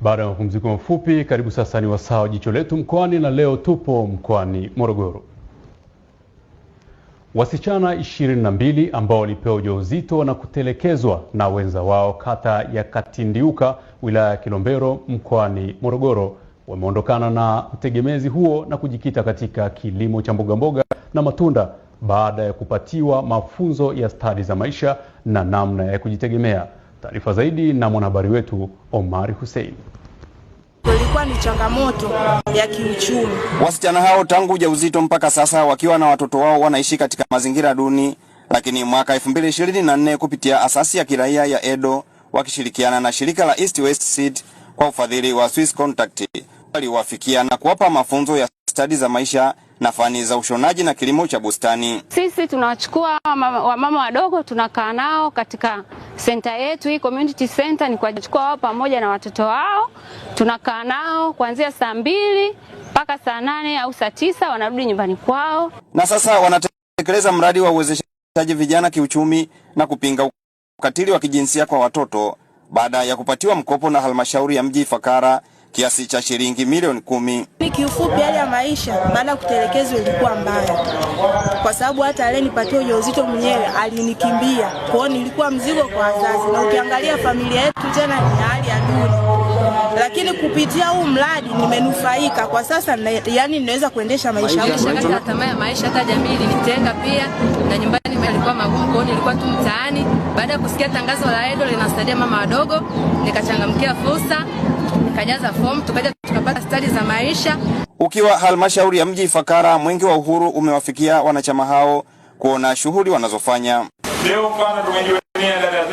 Baada ya mapumziko mafupi, karibu sasa ni wasaa wa jicho letu mkoani, na leo tupo mkoani Morogoro. Wasichana 22 ambao walipewa ujauzito na kutelekezwa na wenza wao kata ya Katindiuka wilaya ya Kilombero mkoani Morogoro wameondokana na utegemezi huo na kujikita katika kilimo cha mbogamboga na matunda baada ya kupatiwa mafunzo ya stadi za maisha na namna ya kujitegemea. Taarifa zaidi na mwanahabari wetu Omar Hussein. Ilikuwa ni changamoto ya kiuchumi. Wasichana hao tangu ujauzito mpaka sasa wakiwa na watoto wao wanaishi katika mazingira duni, lakini mwaka 2024 kupitia asasi ya kiraia ya Edo wakishirikiana na shirika la East West Seed kwa ufadhili wa Swiss Contact waliwafikia na kuwapa mafunzo ya stadi za maisha na fani za ushonaji na kilimo cha bustani. Sisi tunawachukua wamama wadogo, tunakaa nao katika senta yetu hii community center, ni kuwachukua wao pamoja na watoto wao, tunakaa nao kuanzia saa mbili mpaka saa nane au saa tisa wanarudi nyumbani kwao. Na sasa wanatekeleza mradi wa uwezeshaji vijana kiuchumi na kupinga ukatili wa kijinsia kwa watoto baada ya kupatiwa mkopo na halmashauri ya mji Ifakara kiasi cha shilingi milioni kumi. Kiufupi, hali ya maisha baada ya kutelekezwa ilikuwa mbaya, kwa sababu hata aliyenipatia ujauzito mwenyewe alinikimbia, kwao nilikuwa mzigo kwa wazazi, na ukiangalia familia yetu tena ni hali ya duni, lakini kupitia huu mradi nimenufaika. Kwa sasa na, yani ninaweza kuendesha maisha yangu tamaa ya maisha, hata jamii ilinitenga pia na nyumbani ilikuwa magumu, kwao nilikuwa tu mtaani. Baada ya kusikia tangazo la Edo linasaidia mama wadogo, nikachangamkia fursa tukajaza fomu tukaja tukapata stadi za maisha. Ukiwa halmashauri ya mji Ifakara, mwenge wa uhuru umewafikia wanachama hao kuona shughuli wanazofanya leo. dada